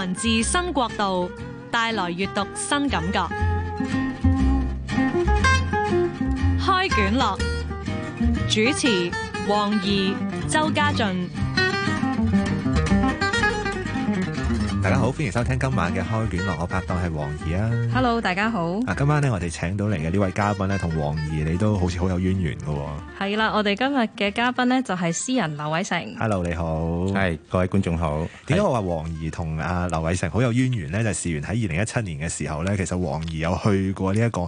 文字新國度帶來閱讀新感覺，開卷樂，主持黃怡、周家俊。大家好，歡迎收聽今晚嘅開卷樂，我拍檔係黃怡啊。Hello，大家好。啊，今晚咧，我哋請到嚟嘅呢位嘉賓呢，同黃怡你都好似好有淵源噶。係啦，我哋今日嘅嘉賓呢，就係詩人劉偉成。Hello，你好。係，各位觀眾好。點解我話黃怡同阿劉偉成好有淵源呢？就係事緣喺二零一七年嘅時候呢，其實黃怡有去過呢一個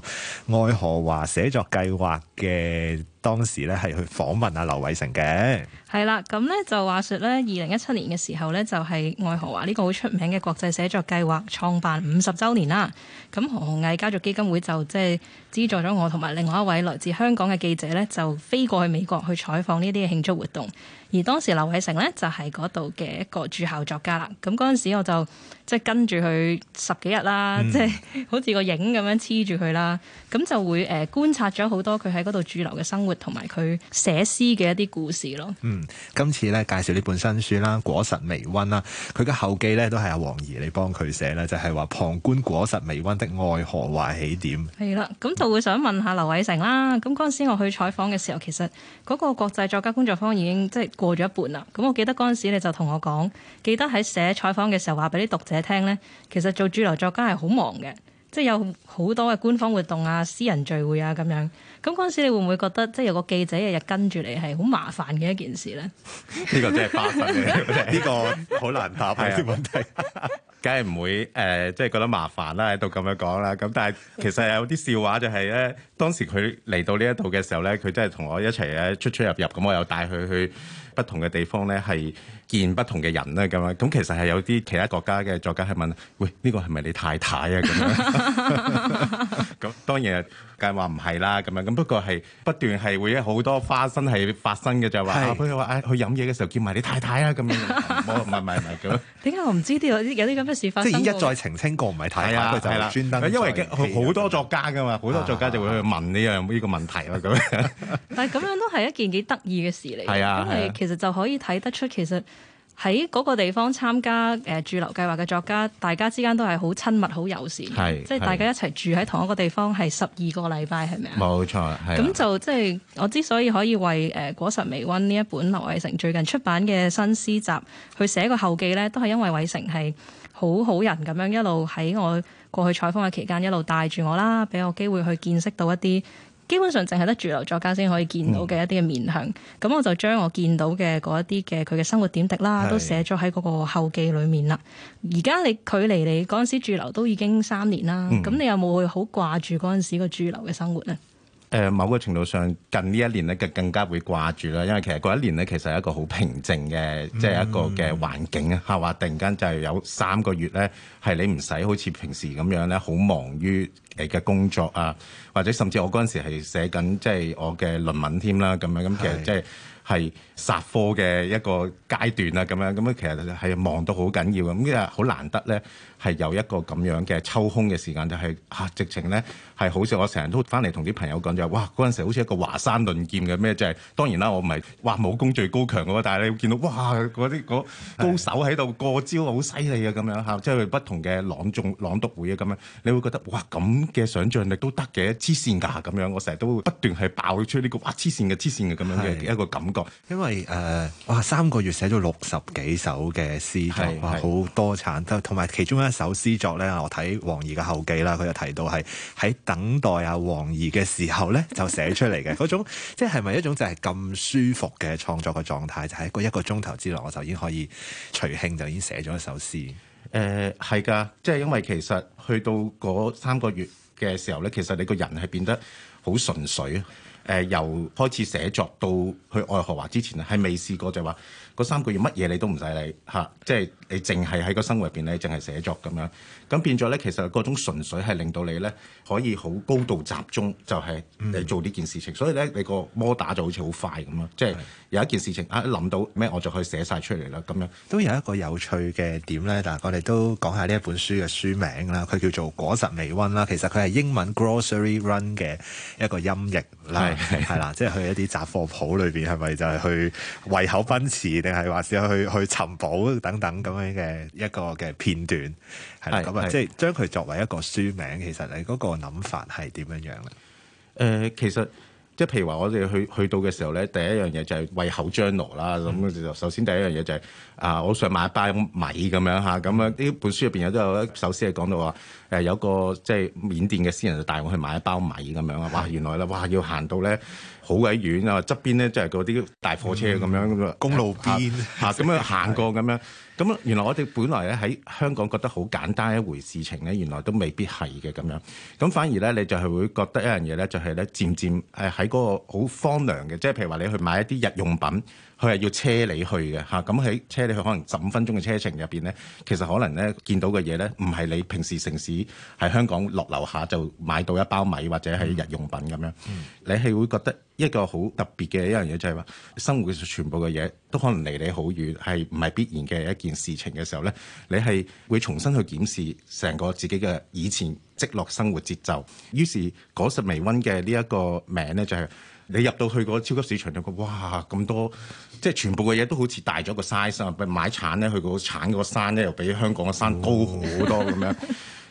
愛荷華寫作計劃嘅。當時咧係去訪問阿劉偉成嘅，係啦，咁咧就話說咧，二零一七年嘅時候咧，就係愛荷華呢個好出名嘅國際寫作計劃創辦五十週年啦，咁何鴻毅家族基金會就即係，資助咗我同埋另外一位來自香港嘅記者呢，就飛過去美國去採訪呢啲嘅慶祝活動。而當時劉偉成呢，就係嗰度嘅一個駐校作家啦。咁嗰陣時我就即係跟住佢十幾日啦，嗯、即係好似個影咁樣黐住佢啦。咁就會誒、呃、觀察咗好多佢喺嗰度駐留嘅生活同埋佢寫詩嘅一啲故事咯。嗯，今次呢介紹呢本新書啦，《果實微温》啦，佢嘅後記呢都係阿黃怡，你幫佢寫啦，就係、是、話旁觀果實微温的愛何為起點係啦，咁、嗯。我就會想問下劉偉成啦，咁嗰陣時我去採訪嘅時候，其實嗰個國際作家工作坊已經即係過咗一半啦。咁我記得嗰陣時你就同我講，記得喺寫採訪嘅時候話俾啲讀者聽呢，其實做主流作家係好忙嘅，即係有好多嘅官方活動啊、私人聚會啊咁樣。咁嗰陣時你會唔會覺得即係有個記者日日跟住你係好麻煩嘅一件事呢？呢個真係八分，呢個好難答翻問題。 梗係唔會誒，即係覺得麻煩啦，喺度咁樣講啦。咁但係其實有啲笑話就係、是、咧，當時佢嚟到呢一度嘅時候咧，佢真係同我一齊咧出出入入咁，我又帶佢去不同嘅地方咧，係見不同嘅人啦咁樣。咁其實係有啲其他國家嘅作家係問：喂，呢、這個係咪你太太啊？咁樣咁 當然。唔係唔係啦，咁樣咁，不過係不斷係會有好多花生係發生嘅，就話，譬如話誒去飲嘢嘅時候叫埋你太太啊咁樣， 樣。唔好唔係唔係咁。點解我唔知啲有啲有啲咁嘅事發生？即係一再澄清過唔係睇啊，係、啊、啦，就專登因為好多作家噶嘛，好、啊、多作家就會去問呢樣呢個問題啊咁。樣 但係咁樣都係一件幾得意嘅事嚟，係 啊，因為、啊、其實就可以睇得出其實。喺嗰個地方參加誒、呃、駐留計劃嘅作家，大家之間都係好親密、好友善嘅，是即係大家一齊住喺同一個地方個，係十二個禮拜，係咪啊？冇錯，咁就即係我之所以可以為誒、呃《果實微温》呢一本劉偉成最近出版嘅新詩集去寫一個後記咧，都係因為偉成係好好人咁樣一路喺我過去採訪嘅期間一路帶住我啦，俾我機會去見識到一啲基本上淨係得駐留作家先可以見到嘅一啲嘅面向，咁、嗯、我就將我見到嘅嗰一啲嘅佢嘅生活點滴啦，是都寫咗喺嗰個後記裏面啦。而家你距離你嗰陣時駐留都已經三年啦，咁、嗯、你有冇會好掛住嗰陣時個駐留嘅生活咧？誒、呃、某個程度上，近呢一年咧，就更加會掛住啦。因為其實嗰一年咧，其實係一個好平靜嘅，嗯、即係一個嘅環境啊。嚇話突然間就係有三個月咧，係你唔使好似平時咁樣咧，好忙於你嘅工作啊，或者甚至我嗰陣時係寫緊即係我嘅論文添啦。咁樣咁其實即係係。是殺科嘅一個階段啊，咁樣咁樣其實係望到好緊要嘅，咁今日好難得咧係有一個咁樣嘅抽空嘅時間，就係、是、嚇、啊、直情咧係好似我成日都翻嚟同啲朋友講就係，哇嗰陣時好似一個華山論劍嘅咩，就係、是、當然啦，我唔係話武功最高強嘅喎，但係你會見到哇嗰啲高手喺度過招好犀利啊咁樣嚇，即係佢不同嘅朗誦朗讀會啊咁樣，你會覺得哇咁嘅想像力都得嘅，黐線㗎咁樣。我成日都會不斷係爆出呢、這個哇黐線嘅黐線嘅咁樣嘅一個感覺，是因為。誒、呃，哇！三個月寫咗六十幾首嘅詩作，好多產。同同埋，其中一首詩作咧，我睇黃怡嘅後記啦，佢就提到係喺等待阿黃怡嘅時候咧，就寫出嚟嘅嗰種，即係咪一種就係咁舒服嘅創作嘅狀態？就喺、是、嗰一個鐘頭之內，我就已經可以隨興就已經寫咗一首詩。誒、呃，係噶，即係因為其實去到嗰三個月嘅時候咧，其實你個人係變得好純粹啊。誒、呃、由開始寫作到去愛荷華之前，係未試過就話。嗰三個月乜嘢你都唔使理嚇、啊，即係你淨係喺個生活入邊，你淨係寫作咁樣，咁變咗咧，其實嗰種純粹係令到你咧可以好高度集中，就係你做呢件事情。嗯、所以咧，你個摩打就好似好快咁咯，即係有一件事情啊諗到咩，我就可以寫晒出嚟啦。咁樣都有一個有趣嘅點咧，但係我哋都講下呢一本書嘅書名啦，佢叫做《果實微温》啦。其實佢係英文 Grocery Run 嘅一個音譯啦，係啦，即係去一啲雜貨鋪裏邊，係咪就係去胃口奔馳？定係話試下去去尋寶等等咁樣嘅一個嘅片段，係咁啊！即係、就是、將佢作為一個書名，其實你嗰個諗法係點樣樣咧？誒、呃，其實即係譬如話，我哋去去到嘅時候咧，第一樣嘢就係胃口張羅啦。咁就、嗯、首先第一樣嘢就係、是。啊！我想買一包米咁樣嚇，咁樣呢本書入邊有都有，首、啊、有一首詩係講到話，誒有個即係緬甸嘅詩人就帶我去買一包米咁樣啊！哇，原來咧，哇要行到咧好鬼遠啊，側邊咧就係嗰啲大貨車咁樣咁公路邊嚇咁樣行過咁樣，咁、啊、 原來我哋本來咧喺香港覺得好簡單一回事情咧，原來都未必係嘅咁樣，咁、啊、反而咧你就係會覺得一樣嘢咧就係咧漸漸誒喺嗰個好荒涼嘅，即係譬如話你去買一啲日用品。佢係要車你去嘅嚇，咁、啊、喺車你去可能十五分鐘嘅車程入邊咧，其實可能咧見到嘅嘢咧，唔係你平時城市喺香港落樓下就買到一包米或者係日用品咁樣，嗯、你係會覺得一個好特別嘅一樣嘢就係話，生活全部嘅嘢都可能離你好遠，係唔係必然嘅一件事情嘅時候咧，你係會重新去檢視成個自己嘅以前積落生活節奏。於是果實微温嘅呢一個名咧就係、是。你入到去個超級市場，你會覺得，哇咁多，即係全部嘅嘢都好似大咗個 size 啊！買橙咧，佢個橙嗰個山咧，又比香港嘅山高好多咁、哦、樣。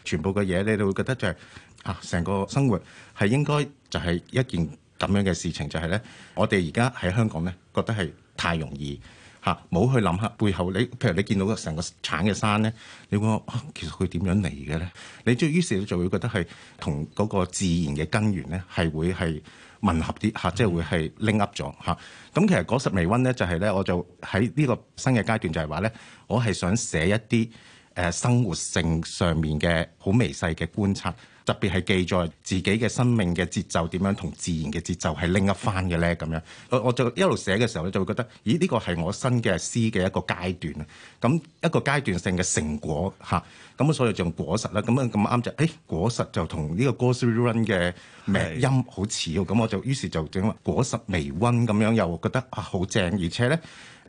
全部嘅嘢咧，你都會覺得就係、是、啊，成個生活係應該就係一件咁樣嘅事情，就係、是、咧，我哋而家喺香港咧，覺得係太容易。嚇冇去諗下，背後你，譬如你見到個成個橙嘅山咧，你會話、啊、其實佢點樣嚟嘅咧？你於於是你就會覺得係同嗰個自然嘅根源咧，係、嗯、會係吻合啲嚇，即係會係拎噏咗嚇。咁、嗯、其實果實微温咧就係、是、咧，我就喺呢個新嘅階段就係話咧，我係想寫一啲。誒、呃、生活性上面嘅好微細嘅觀察，特別係記載自己嘅生命嘅節奏點樣同自然嘅節奏係另一番嘅咧，咁樣我就一路寫嘅時候咧就會覺得，咦呢個係我新嘅詩嘅一個階段啊！咁一個階段性嘅成果嚇，咁啊所以就用果實啦，咁啊咁啱就誒、欸、果實就同呢個 Gosierun 嘅的、呃、音好似，咁我就於是就整果實微温咁樣，又覺得啊好正，而且咧。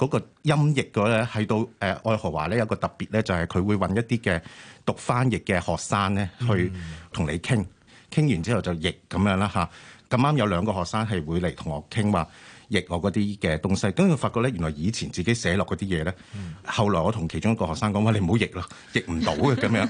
嗰個音譯嗰咧喺到誒、呃，愛荷華咧有個特別咧，就係、是、佢會揾一啲嘅讀翻譯嘅學生咧，去同你傾傾完之後就譯咁樣啦吓，咁、啊、啱有兩個學生係會嚟同我傾話譯我嗰啲嘅東西，跟住發覺咧，原來以前自己寫落嗰啲嘢咧，嗯、後來我同其中一個學生講話：你唔好譯咯，譯唔到嘅咁樣。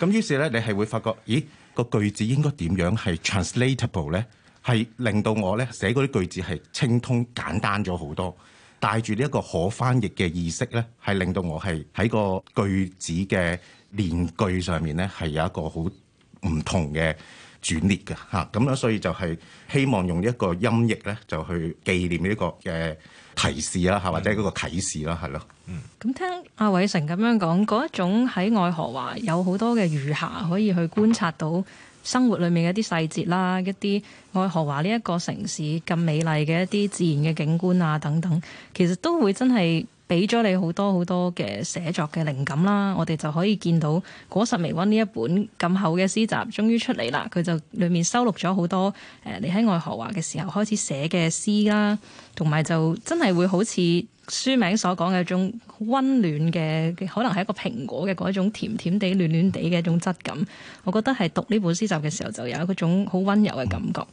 咁於是咧，你係會發覺，咦個句子應該點樣係 translatable 咧？係令到我咧寫嗰啲句子係清通簡單咗好多。帶住呢一個可翻譯嘅意識咧，係令到我係喺個句子嘅連句上面咧，係有一個好唔同嘅轉捩嘅嚇咁樣，所以就係希望用一個音譯咧，就去紀念呢個嘅提示啦，嚇、啊、或者嗰個啟示啦，係咯，嗯。咁聽阿偉成咁樣講嗰一種喺外河話，有好多嘅餘霞可以去觀察到。嗯生活裏面嘅一啲細節啦，一啲愛荷華呢一個城市咁美麗嘅一啲自然嘅景觀啊，等等，其實都會真係俾咗你好多好多嘅寫作嘅靈感啦。我哋就可以見到《果實微温》呢一本咁厚嘅詩集終於出嚟啦，佢就裡面收錄咗好多誒，你喺愛荷華嘅時候開始寫嘅詩啦，同埋就真係會好似。書名所講嘅一種温暖嘅，可能係一個蘋果嘅嗰種甜甜地、暖暖地嘅一種質感。我覺得係讀呢本詩集嘅時候，就有一種好温柔嘅感覺。嗯、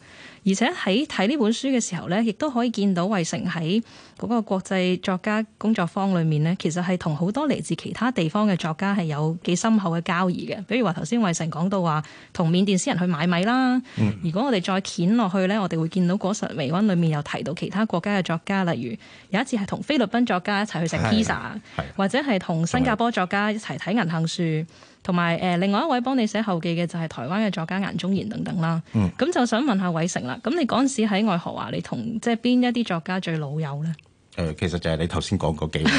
而且喺睇呢本書嘅時候呢，亦都可以見到偉成喺嗰個國際作家工作坊裏面呢，其實係同好多嚟自其他地方嘅作家係有幾深厚嘅交誼嘅。比如話頭先偉成講到話同緬甸詩人去買米啦。嗯、如果我哋再攢落去呢，我哋會見到《果實微溫》裏面又提到其他國家嘅作家，例如有一次係同菲菲律賓作家一齊去食披薩，或者係同新加坡作家一齊睇銀杏樹，同埋誒，另外一位幫你寫後記嘅就係台灣嘅作家顏宗賢等等啦。咁、嗯、就想問下偉成啦，咁你嗰陣時喺外學話，你同即係邊一啲作家最老友呢？誒、呃，其實就係你頭先講嗰幾位，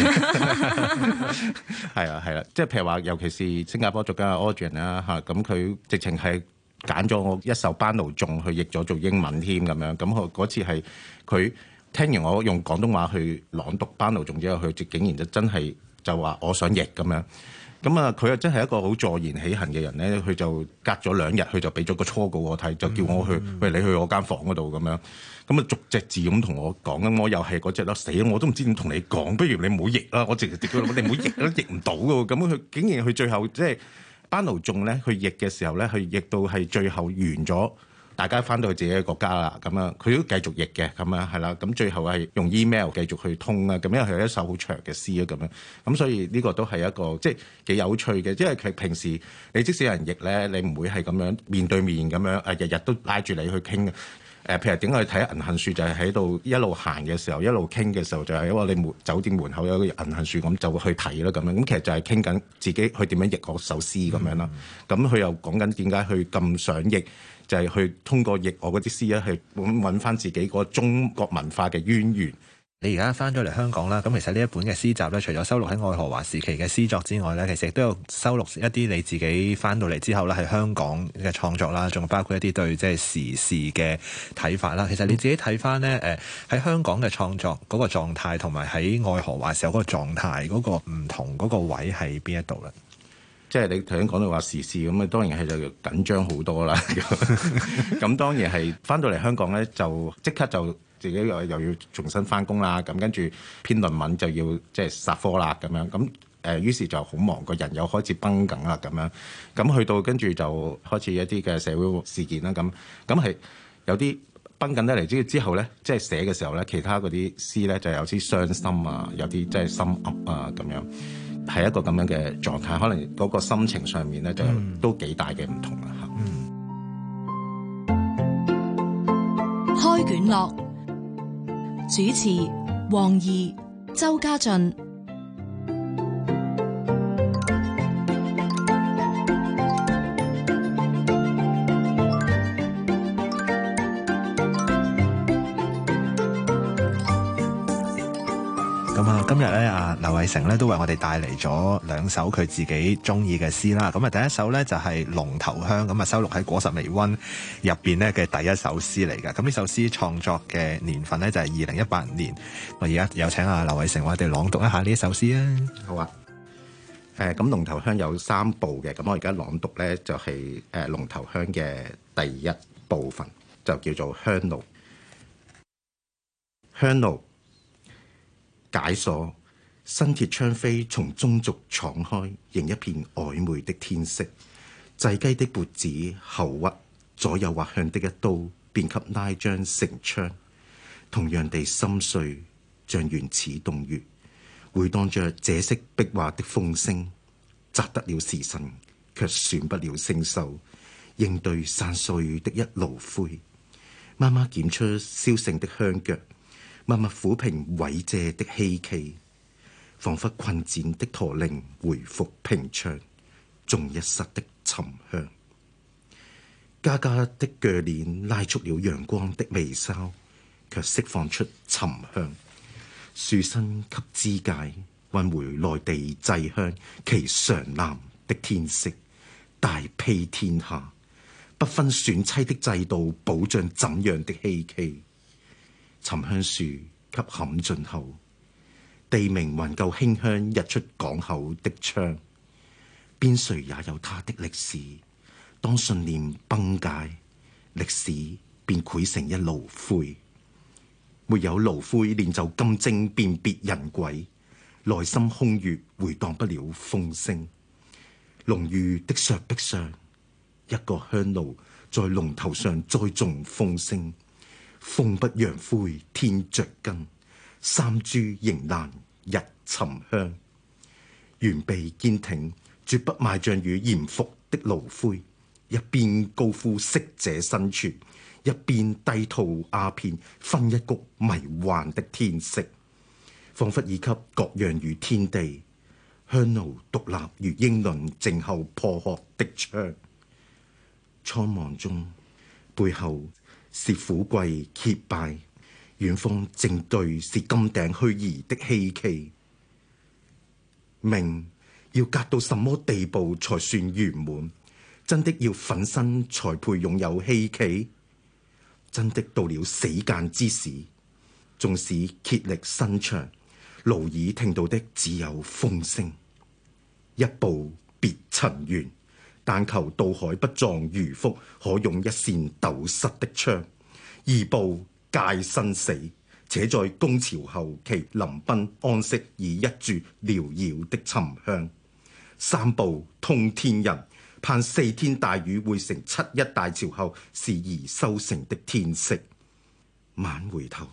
係啊係啦，即係譬如話，尤其是新加坡作家 a u d r e n 啦吓，咁、啊、佢直情係揀咗我一首班奴仲去譯咗做英文添咁樣，咁佢嗰次係佢。聽完我用廣東話去朗讀班奴仲之後，佢竟然就真係就話我想譯咁樣。咁啊，佢又真係一個好坐言起行嘅人咧，佢就隔咗兩日，佢就俾咗個初稿我睇，就叫我去、嗯、喂，你去我間房嗰度咁樣。咁啊逐隻字咁同我講，咁我又係嗰隻咯死，我都唔知點同你講，不如你唔好譯啦，我直接叫你唔好譯啦， 譯唔到嘅喎。咁佢竟然佢最後即係班奴仲咧，佢譯嘅時候咧，佢譯到係最後完咗。大家返到自己嘅國家啦，咁樣佢都繼續譯嘅咁啊，係啦。咁最後係用 email 繼續去通啊。咁因為佢有一首好長嘅詩啊，咁樣咁所以呢個都係一個即係幾有趣嘅，因為佢平時你即使有人譯咧，你唔會係咁樣面對面咁樣誒，日日都拉住你去傾誒。譬如點解睇銀杏樹就係喺度一路行嘅時候，一路傾嘅時候，時候就係、是、因為你門酒店門口有個銀杏樹咁，就去睇咯咁樣。咁其實就係傾緊自己去點樣譯嗰首詩咁樣啦。咁佢、嗯嗯嗯、又講緊點解去咁想譯。就係去通過譯我嗰啲詩咧，去揾揾翻自己個中國文化嘅淵源。你而家翻咗嚟香港啦，咁其實呢一本嘅詩集咧，除咗收錄喺愛荷華時期嘅詩作之外咧，其實亦都有收錄一啲你自己翻到嚟之後咧，喺香港嘅創作啦，仲包括一啲對即係時事嘅睇法啦。其實你自己睇翻咧，誒喺香港嘅創作嗰個狀態，同埋喺愛荷華時候嗰個狀態嗰個唔同嗰個位喺邊一度咧？即係你頭先講到話時事咁啊，當然係就緊張好多啦。咁 當然係翻到嚟香港咧，就即刻就自己又又要重新翻工啦。咁跟住編論文就要即係殺科啦咁樣。咁誒於是就好忙，個人又開始繃緊啦咁樣。咁去到跟住就開始一啲嘅社會事件啦。咁咁係有啲繃緊得嚟之之後咧，即係寫嘅時候咧，其他嗰啲詩咧就有啲傷心啊，有啲即係心噏啊咁樣。係一個咁樣嘅狀態，可能嗰個心情上面咧就、嗯、都幾大嘅唔同啦嚇。嗯、開卷樂主持：黃怡、周家俊。成咧都為我哋帶嚟咗兩首佢自己中意嘅詩啦，咁啊第一首咧就係《龍頭香》，咁啊收錄喺《果實微溫》入邊咧嘅第一首詩嚟噶，咁呢首詩創作嘅年份咧就係二零一八年，我而家有請阿劉偉成我哋朗讀一下呢首詩啊，好啊，誒，咁《龍頭香》有三部嘅，咁我而家朗讀咧就係誒《龍頭香》嘅第一部分，就叫做《香爐》，香爐解鎖。新鐵槍飛從中族闖開，迎一片曖昧的天色。祭雞的脖子後屈，左右劃向的一刀，便給拉張成槍。同樣地心碎，像原始凍月，回蕩着這色壁畫的風聲。摘得了時辰，卻算不了星宿。應對散碎的一路灰，媽媽撿出燒剩的香腳，默默撫平慰藉的希冀。彷彿困戰的駝鈴回復平長，仲一室的沉香。家家的鋸鏈拉出了陽光的微梢，卻釋放出沉香。樹身給肢解運回內地製香，其常藍的天色大庇天下，不分選妻的制度保障怎樣的稀奇？沉香樹給砍盡後。地名還夠馨香，日出港口的窗邊，誰也有他的歷史。當信念崩解，歷史便潰成一爐灰。沒有爐灰煉就金睛，辨別人鬼。內心空穴回蕩不了風聲。龍玉的石壁上，一個香爐在龍頭上栽種風聲，風不揚灰，天着根。三株迎難日沉香，原被堅挺，絕不埋葬於嚴復的爐灰。一邊高呼適者生存，一邊低吐鴉片，分一谷迷幻的天色，仿佛以給各讓於天地。香爐獨立如英倫靜候破殼的槍，蒼茫中背後是富貴揭敗。遠方正對是金頂虛擬的希冀，命要隔到什麼地步才算圓滿？真的要粉身才配擁有希冀？真的到了死間之時，縱使竭力伸長，勞爾聽到的只有風聲。一步別塵緣，但求到海不撞漁夫，可用一扇斗室的窗。二步。皆生死，且在公朝後期，臨賓安息，以一柱繚繞的沉香。三步通天人，盼四天大雨匯成七一大潮後，是而修成的天色。晚回頭，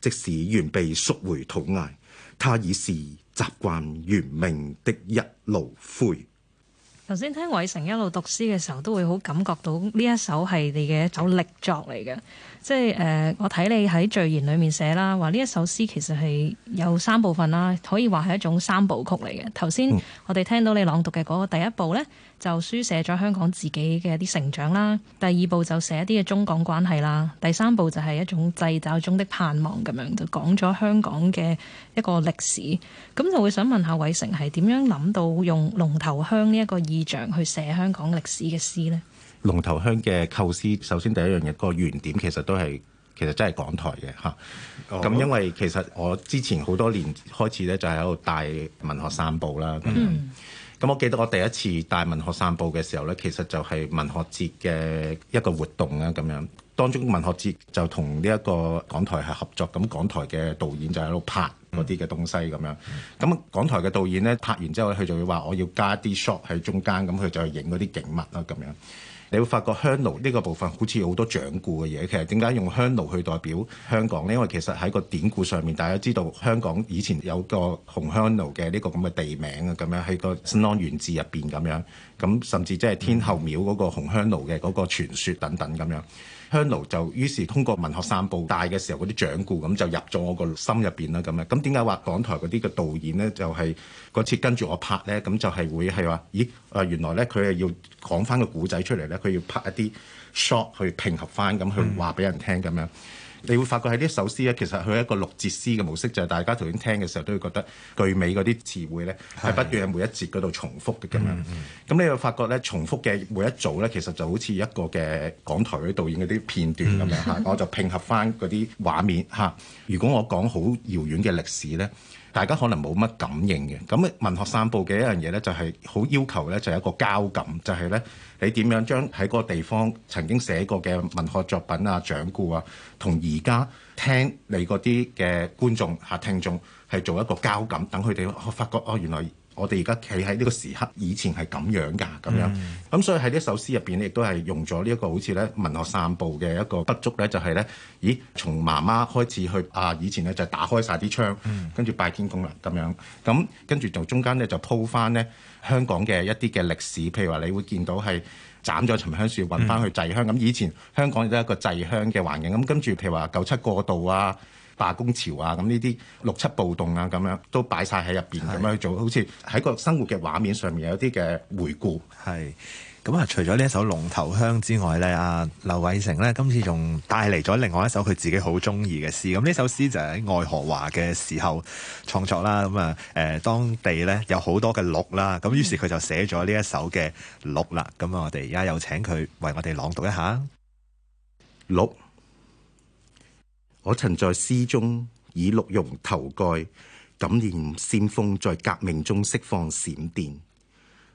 即使原被贖回，土崖，他已是習慣，圓命的一路灰。頭先聽偉成一路讀詩嘅時候，都會好感覺到呢一首係你嘅一首力作嚟嘅。即係誒、呃，我睇你喺序言裡面寫啦，話呢一首詩其實係有三部分啦，可以話係一種三部曲嚟嘅。頭先我哋聽到你朗讀嘅嗰個第一部呢，就書寫咗香港自己嘅啲成長啦；第二部就寫一啲嘅中港關係啦；第三部就係一種製造中的盼望咁樣，就講咗香港嘅一個歷史。咁就會想問下偉成係點樣諗到用龍頭香呢一個意象去寫香港歷史嘅詩呢？龍頭鄉嘅構思，首先第一樣嘢、個原點其實都係其實真係港台嘅嚇。咁、oh. 因為其實我之前好多年開始咧，就係喺度帶文學散步啦。咁、mm.，咁我記得我第一次帶文學散步嘅時候咧，其實就係文學節嘅一個活動啦。咁樣。當中文學節就同呢一個港台係合作，咁港台嘅導演就喺度拍嗰啲嘅東西咁樣。咁、mm. 港台嘅導演咧拍完之後，佢就會話我要加啲 shot 喺中間，咁佢就影嗰啲景物啦咁樣。你會發覺香爐呢個部分好似好多掌故嘅嘢，其實點解用香爐去代表香港呢？因為其實喺個典故上面，大家知道香港以前有個紅香爐嘅呢個咁嘅地名啊，咁樣喺個新安縣志入邊咁樣，咁甚至即係天后廟嗰個紅香爐嘅嗰個傳說等等咁樣。香爐就於是通過文學散步帶嘅時候，嗰啲掌故咁就入咗我個心入邊啦咁樣，咁點解話港台嗰啲嘅導演呢？就係、是、嗰次跟住我拍呢，咁就係會係話，咦誒、呃、原來呢，佢係要講翻個古仔出嚟呢，佢要拍一啲 shot 去平合翻咁去話俾人聽咁、嗯、樣。你會發覺喺呢首詩咧，其實佢係一個六節詩嘅模式，就係、是、大家頭先聽嘅時候都會覺得句尾嗰啲詞彙咧係不斷喺每一節嗰度重複嘅咁樣。咁、嗯嗯、你會發覺咧重複嘅每一組咧，其實就好似一個嘅港台嗰啲導演嗰啲片段咁樣嚇，我就拼合翻嗰啲畫面嚇、啊。如果我講好遙遠嘅歷史咧。大家可能冇乜感應嘅，咁文學散步嘅一樣嘢呢，就係好要求呢，就係一個交感，就係呢，你點樣將喺嗰個地方曾經寫過嘅文學作品啊、掌故啊，同而家聽你嗰啲嘅觀眾啊、聽眾係做一個交感，等佢哋發覺哦，原來。我哋而家企喺呢個時刻，以前係咁樣噶，咁樣咁、嗯嗯、所以喺呢首詩入邊咧，亦都係用咗呢一個好似咧文學散步嘅一個筆觸咧，就係、是、咧，咦，從媽媽開始去啊，以前咧就打開晒啲窗，跟住拜天公啦咁樣，咁、嗯嗯、跟住就中間咧就鋪翻咧香港嘅一啲嘅歷史，譬如話你會見到係斬咗沉香樹，揾翻去祭香，咁、嗯、以前香港亦都係一個祭香嘅環境，咁跟住譬如話九七過渡啊。罷工潮啊，咁呢啲六七暴動啊，咁樣都擺晒喺入邊，咁是樣做，好似喺個生活嘅畫面上面有啲嘅回顧。係咁啊！除咗呢一首《龍頭香》之外咧，啊，劉偉成咧今次仲帶嚟咗另外一首佢自己好中意嘅詩。咁呢首詩就喺愛荷華嘅時候創作啦。咁啊，誒，當地咧有好多嘅鹿啦，咁於是佢就寫咗呢一首嘅鹿啦。咁啊、嗯，我哋而家有請佢為我哋朗讀一下《鹿》。我曾在詩中以鹿茸頭蓋感念先鋒，在革命中釋放閃電。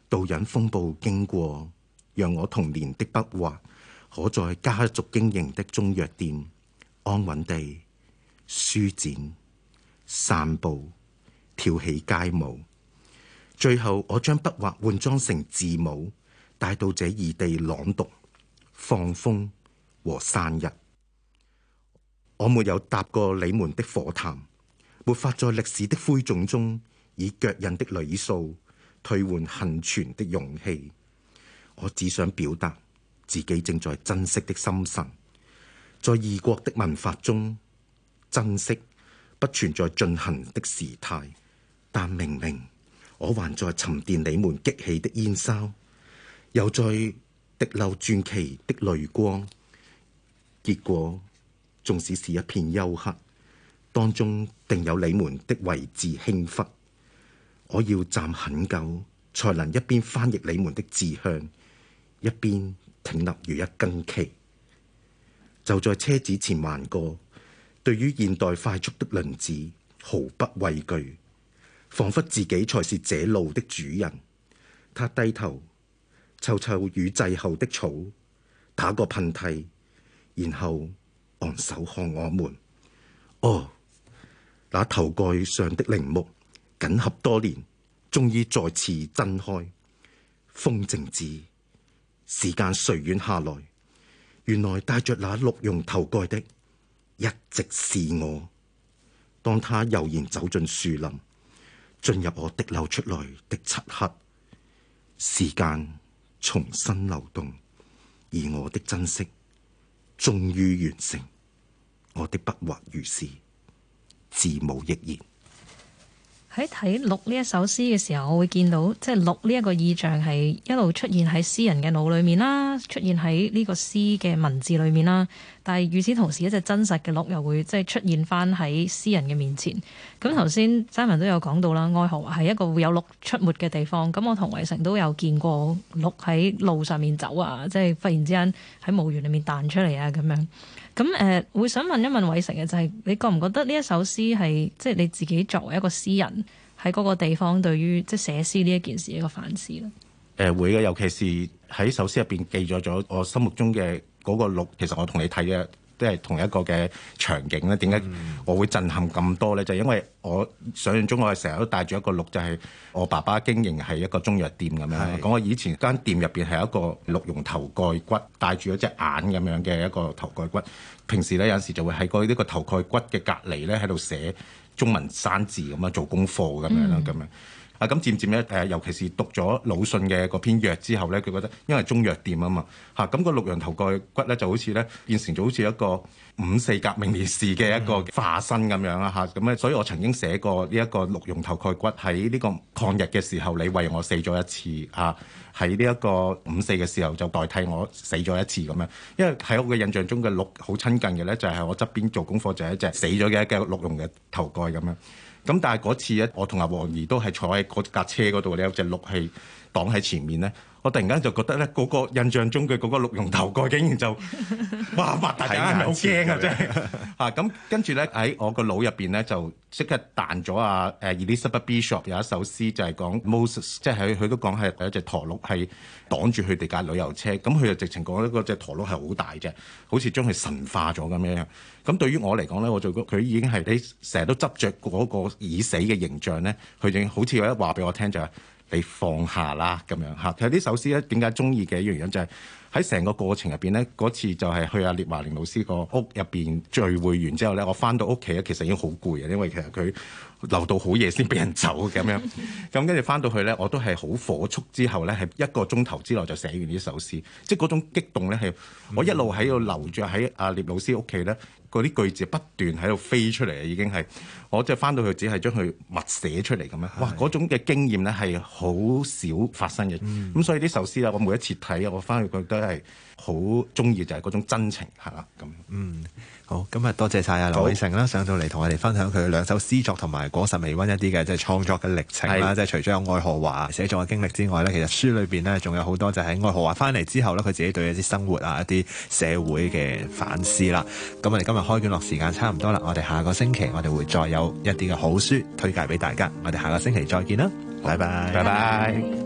導引風暴經過，讓我童年的筆畫可在家族經營的中藥店安穩地舒展、散步、跳起街舞。最後，我將筆畫換裝成字母，帶到這異地朗讀、放風和散日。我沒有踏過你們的火炭，沒法在歷史的灰燼中以腳印的里數退換倖存的勇氣。我只想表達自己正在珍惜的心神，在異國的文化中珍惜不存在進行的時態，但明明我還在沉澱你們激起的煙梢，又在滴漏傳奇的淚光，結果。縱使是一片幽黑，當中定有你們的位置輕忽。我要站很久，才能一邊翻譯你們的志向，一邊挺立如一根旗。就在車子前橫過，對於現代快速的輪子毫不畏懼，仿佛自己才是這路的主人。他低頭嗅嗅雨季後的草，打個噴嚏，然後。昂首看我們，哦，那頭蓋上的陵木緊合多年，終於再次睜開。風靜止，時間隨遠下來，原來戴着那鹿茸頭蓋的，一直是我。當他悠然走進樹林，進入我滴漏出來的漆黑，時間重新流動，而我的珍惜。終於完成我的不惑，如是字無亦然。喺睇錄呢一首詩嘅時候，我會見到即係、就是、錄呢一個意象係一路出現喺詩人嘅腦裏面啦，出現喺呢個詩嘅文字裏面啦。但係，與此同時，一隻真實嘅鹿又會即係出現翻喺詩人嘅面前。咁頭先，Simon 都有講到啦，愛荷係一個會有鹿出沒嘅地方。咁我同偉成都有見過鹿喺路上面走啊，即係忽然之間喺墓園裏面彈出嚟啊，咁樣。咁誒、呃，會想問一問偉成嘅就係、是，你覺唔覺得呢一首詩係即係你自己作為一個詩人喺嗰個地方對於即係寫詩呢一件事一個反思咧？誒、呃、會嘅，尤其是喺首詩入邊記載咗我心目中嘅。嗰個鹿，其實我同你睇嘅都係同一個嘅場景咧。點解我會震撼咁多呢？就係、因為我想象中我係成日都帶住一個鹿，就係、是、我爸爸經營係一個中藥店咁樣講。我是以前間店入邊係一個鹿茸頭蓋骨帶住一隻眼咁樣嘅一個頭蓋骨。平時呢，有時就會喺個呢個頭蓋骨嘅隔離呢，喺度寫中文生字咁樣做功課咁樣啦，咁樣是。嗯啊，咁漸漸咧，誒，尤其是讀咗魯迅嘅嗰篇藥之後咧，佢覺得因為中藥店啊嘛，嚇，咁個鹿茸頭蓋骨咧就好似咧變成咗好似一個五四革命烈士嘅一個化身咁、嗯、樣啦吓，咁咧，所以我曾經寫過呢一個鹿茸頭蓋骨喺呢個抗日嘅時候你為我死咗一次嚇，喺呢一個五四嘅時候就代替我死咗一次咁樣，因為喺我嘅印象中嘅鹿好親近嘅咧就係我側邊做功課就係一隻死咗嘅一隻鹿茸嘅頭蓋咁樣。咁但係嗰次咧，我同阿黃兒都係坐喺架車嗰度咧，有隻鹿係擋喺前面咧。我突然間就覺得咧，嗰個印象中嘅嗰個鹿茸頭蓋，竟然就哇！擘大眼，係咪好驚啊？真係嚇咁，跟住咧喺我個腦入邊咧，就即刻彈咗啊！誒，Elizabeth Bishop 有一首詩就係講 Moses，即係佢都講係第一隻駝鹿係擋住佢哋架旅遊車，咁佢就直情講咧嗰隻駝鹿係好大隻，好似將佢神化咗咁樣。咁對於我嚟講咧，我就佢已經係啲成日都執著嗰個已死嘅形象咧，佢已經好似有得話俾我聽就係。你放下啦，咁樣嚇。其實呢首詩咧，點解中意嘅原因就係喺成個過程入邊咧，嗰次就係去阿聶華苓老師個屋入邊聚會完之後咧，我翻到屋企咧，其實已經好攰啊，因為其實佢，留到好夜先俾人走咁樣，咁跟住翻到去咧，我都係好火速之後咧，係一個鐘頭之內就寫完呢首詩，即係嗰種激動咧係我一路喺度留住喺阿聶老師屋企咧，嗰啲句子不斷喺度飛出嚟，已經係我即係翻到去只係將佢默寫出嚟咁樣，哇！嗰是種嘅經驗咧係好少發生嘅，咁、嗯、所以呢首詩啦，我每一次睇我翻去覺得係。好中意就係、是、嗰種真情，係啦咁。嗯，好，咁啊，今日多謝晒啊劉偉成啦，好上到嚟同我哋分享佢兩首詩作同埋果實微温一啲嘅即係創作嘅歷程啦。是即係除咗有愛荷華寫作嘅經歷之外呢，其實書裏邊呢仲有好多就係愛荷華翻嚟之後呢，佢自己對一啲生活啊、一啲社會嘅反思啦。咁我哋今日開卷樂時間差唔多啦，我哋下個星期我哋會再有一啲嘅好書推介俾大家，我哋下個星期再見啦，拜拜，拜拜。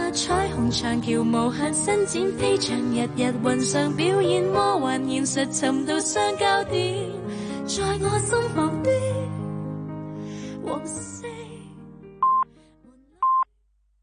彩虹長橋無限伸展，飛翔日日雲上表演魔幻現實，尋到相交點，在我心房的